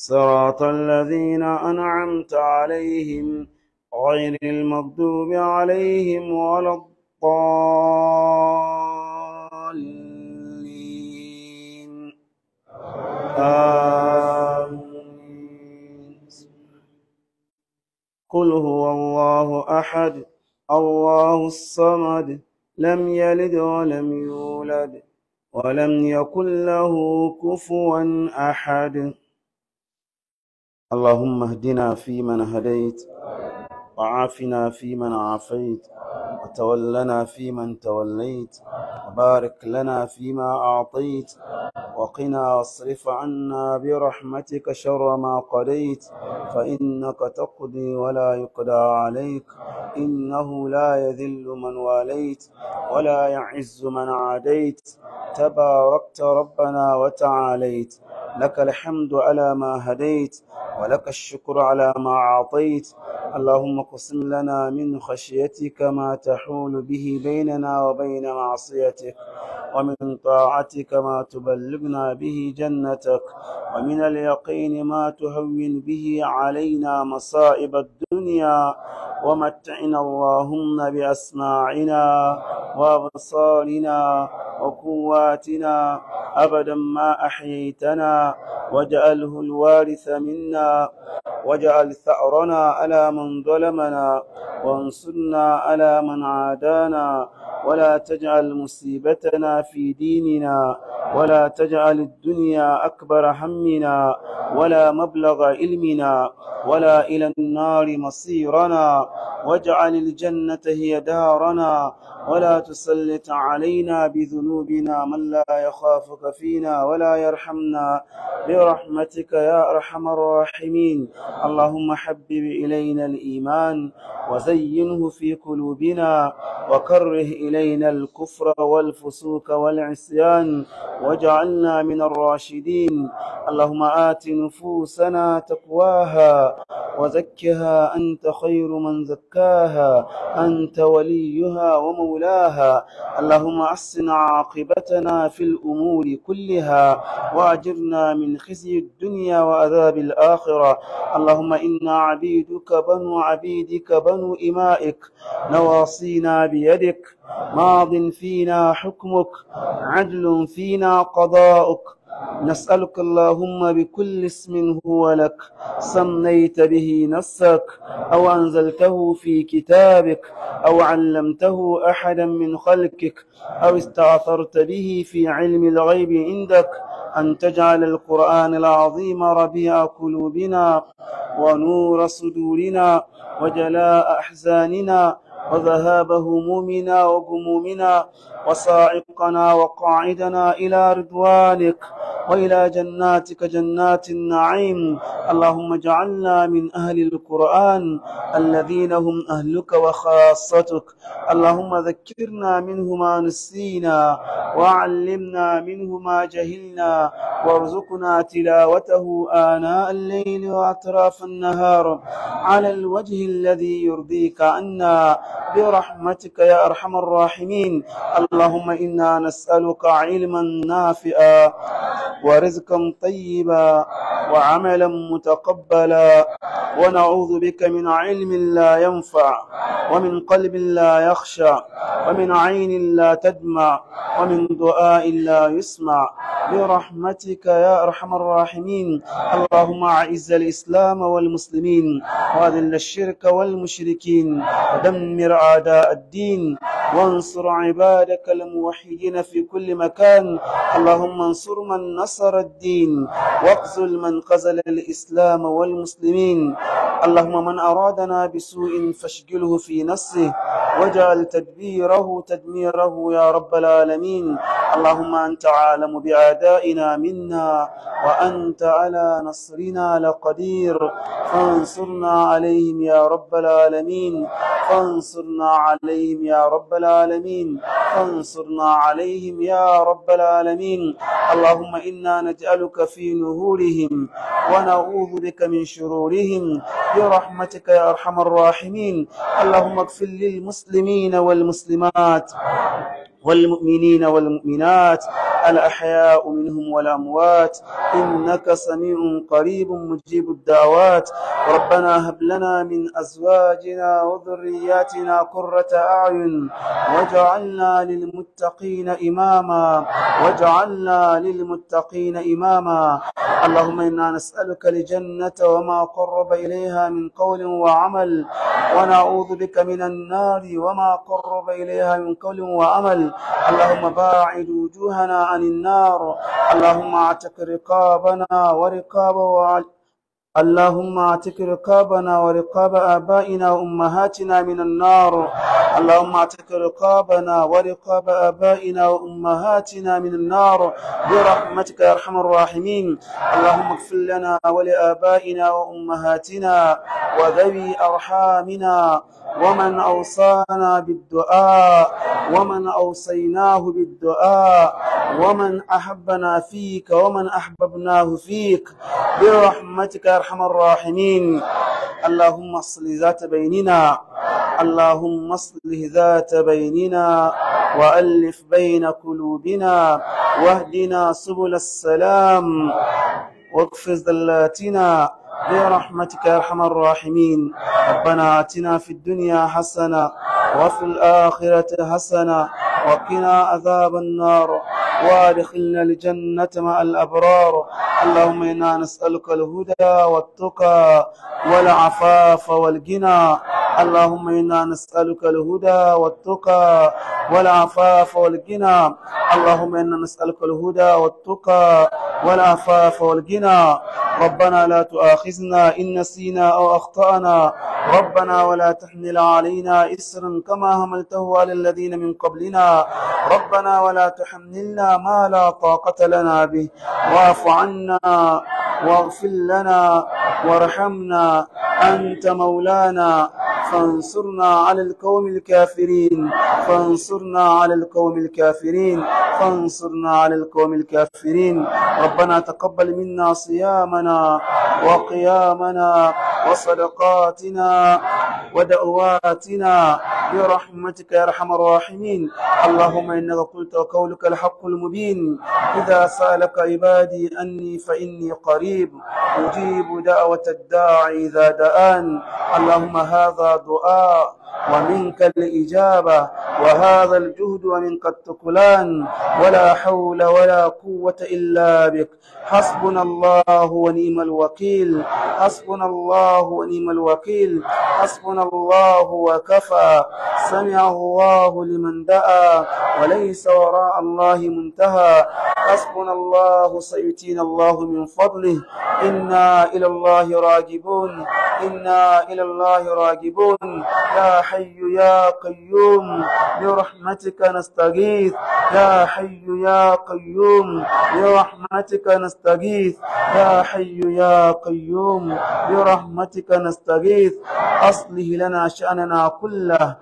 صراط الذين أنعمت عليهم غير المغضوب عليهم ولا الضالين آمين قل هو الله أحد الله الصمد لم يلد ولم يولد ولم يكن له كفوا أحد اللهم اهدنا فيمن هديت وعافنا فيمن عافيت وتولنا فيمن توليت وبارك لنا فيما أعطيت وقنا واصرف عنا برحمتك شر ما قضيت فإنك تقضي ولا يقضى عليك إنه لا يذل من واليت ولا يعز من عاديت تباركت ربنا وتعاليت لك الحمد على ما هديت ولك الشكر على ما أعطيت اللهم اقسم لنا من خشيتك ما تحول به بيننا وبين معصيتك ومن طاعتك ما تبلغنا به جنتك ومن اليقين ما تهون به علينا مصائب الدنيا ومتعنا اللهم بأسماعنا وأبصارنا وقواتنا أبدا ما أحييتنا واجعله الوارث منا واجعل ثأرنا على من ظلمنا وانصرنا على من عادانا ولا تجعل مصيبتنا في ديننا ولا تجعل الدنيا أكبر همنا ولا مبلغ علمنا ولا إلى النار مصيرنا واجعل الجنة هي دارنا ولا تسلط علينا بذنوبنا من لا يخافك فينا ولا يرحمنا برحمتك يا أرحم الراحمين اللهم حبب إلينا الإيمان وزينه في قلوبنا وكره إلينا الكفر والفسوق والعصيان واجعلنا من الراشدين اللهم آت نفوسنا تقواها وزكها أنت خير من زكاها أنت وليها ومولاها اللهم أحسن عاقبتنا في الأمور كلها وأجرنا من خزي الدنيا وأذاب الآخرة اللهم إنا عبيدك بنو عبيدك بنو إمائك نواصينا بيدك ماض فينا حكمك عدل فينا قضاؤك نسألك اللهم بكل اسم هو لك سميت به نفسك أو أنزلته في كتابك أو علمته أحدا من خلقك أو استعثرت به في علم الغيب عندك أن تجعل القرآن العظيم ربيع قلوبنا ونور صدورنا وجلاء أحزاننا وذهاب همومنا وغمومنا وصاعقنا وقاعدنا إلى رضوانك وإلى جناتك جنات النعيم اللهم اجعلنا من أهل القرآن الذين هم أهلك وخاصتك اللهم ذكرنا منه ما نسينا وعلمنا منه ما جهلنا وارزقنا تلاوته آناء الليل وأطراف النهار على الوجه الذي يرضيك عنا برحمتك يا أرحم الراحمين اللهم إنا نسألك علما نافعا ورزقا طيبا وعملا متقبلا ونعوذ بك من علم لا ينفع ومن قلب لا يخشى ومن عين لا تدمع ومن دعاء لا يسمع برحمتك يا أرحم الراحمين اللهم أعز الإسلام والمسلمين وأذل الشرك والمشركين ودمر أعداء الدين وانصر عبادك الموحدين في كل مكان اللهم انصر من نصر الدين واقزل من قزل الإسلام والمسلمين اللهم من أرادنا بسوء فاشغله في نفسه واجعل تدبيره تدميره يا رب العالمين اللهم أنت عالم بأعدائنا منا وأنت على نصرنا لقدير فانصرنا عليهم يا رب العالمين فانصرنا عليهم يا رب العالمين فانصرنا عليهم يا رب العالمين اللهم إنا نجعلك في نهورهم ونعوذ بك من شرورهم برحمتك يا أرحم الراحمين اللهم اغفر للمسلمين والمسلمات والمؤمنين والمؤمنات الأحياء منهم والأموات إنك سميع قريب مجيب الدعوات ربنا هب لنا من أزواجنا وذرياتنا قرة أعين واجعلنا للمتقين إماما واجعلنا للمتقين إماما اللهم إنا نسألك الجنة وما قرب إليها من قول وعمل ونعوذ بك من النار وما قرب إليها من قول وعمل اللهم باعد وجوهنا عن عن النار اللهم اعتق رقابنا ورقاب اللهم اعتق رقابنا ورقاب آبائنا وأمهاتنا من النار اللهم اعتق رقابنا ورقاب آبائنا وأمهاتنا من النار برحمتك يا أرحم الراحمين اللهم اغفر لنا ولآبائنا وأمهاتنا وذوي أرحامنا ومن أوصانا بالدعاء ومن أوصيناه بالدعاء ومن أحبنا فيك ومن أحببناه فيك برحمتك يا ارحم الراحمين اللهم اصلح ذات بيننا اللهم اصلح ذات بيننا والف بين قلوبنا واهدنا سبل السلام واقفز ذلاتنا برحمتك يا ارحم الراحمين ربنا اتنا في الدنيا حسنه وفي الاخره حسنه وقنا عذاب النار وادخلنا الجنة مع الأبرار اللهم إنا نسألك الهدى والتقى والعفاف والغنى اللهم إنا نسألك الهدى والتقى والعفاف والغنى اللهم إنا نسألك الهدى والتقى والعفاف والغنى ربنا لا تؤاخذنا إن نسينا أو أخطأنا ربنا ولا تحمل علينا إسرا كما حملته على الذين من قبلنا ربنا ولا تحملنا ما لا طاقة لنا به واعف عنا واغفر لنا وارحمنا أنت مولانا فانصرنا على القوم الكافرين فانصرنا على القوم الكافرين فانصرنا على القوم الكافرين ربنا تقبل منا صيامنا وقيامنا وصدقاتنا ودعواتنا برحمتك يا ارحم الراحمين اللهم انك قلت وقولك الحق المبين اذا سالك عبادي اني فاني قريب اجيب دعوه الداعي اذا دعان اللهم هذا دعاء ومنك الإجابة وهذا الجهد ومنك التكلان ولا حول ولا قوة إلا بك حسبنا الله ونعم الوكيل حسبنا الله ونعم الوكيل حسبنا الله وكفى سمع الله لمن دعا وليس وراء الله منتهى حسبنا الله سيؤتينا الله من فضله إنا إلى الله راجبون إنا إلى الله راجبون يا حي يا قيوم برحمتك نستغيث يا حي يا قيوم برحمتك نستغيث يا حي يا قيوم برحمتك نستغيث أصله لنا شأننا كله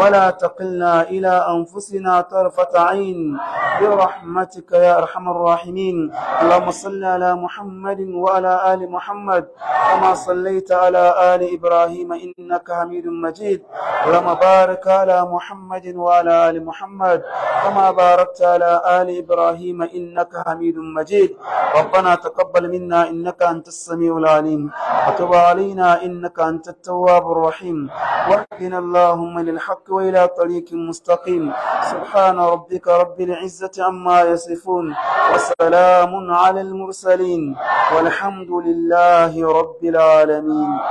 ولا تقلنا إلى أنفسنا طرفة عين برحمتك يا أرحم الراحمين اللهم صل على محمد وعلى آل محمد كما صليت على آل إبراهيم إنك حميد مجيد اللهم بارك على محمد وعلى آل محمد كما باركت على آل إبراهيم إنك حميد مجيد ربنا تقبل منا إنك أنت السميع العليم وتب علينا إنك أنت التواب الرحيم واهدنا اللهم للحق وإلى طريق مستقيم سبحان ربك رب العزة عما يصفون وسلام على المرسلين والحمد لله رب العالمين